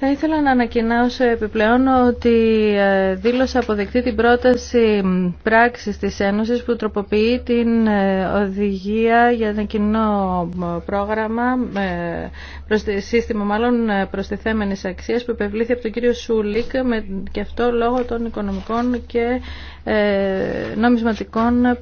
Θα ήθελα να σε επιπλέον ότι ε, δήλωσα αποδεκτή την πρόταση πράξης της Ένωσης που τροποποιεί την ε, οδηγία για ένα κοινό πρόγραμμα ε, σύστημα μάλλον προστιθέμενης αξίας που επευλήθη από τον κύριο Σούλικ και αυτό λόγω των οικονομικών και νομισματικών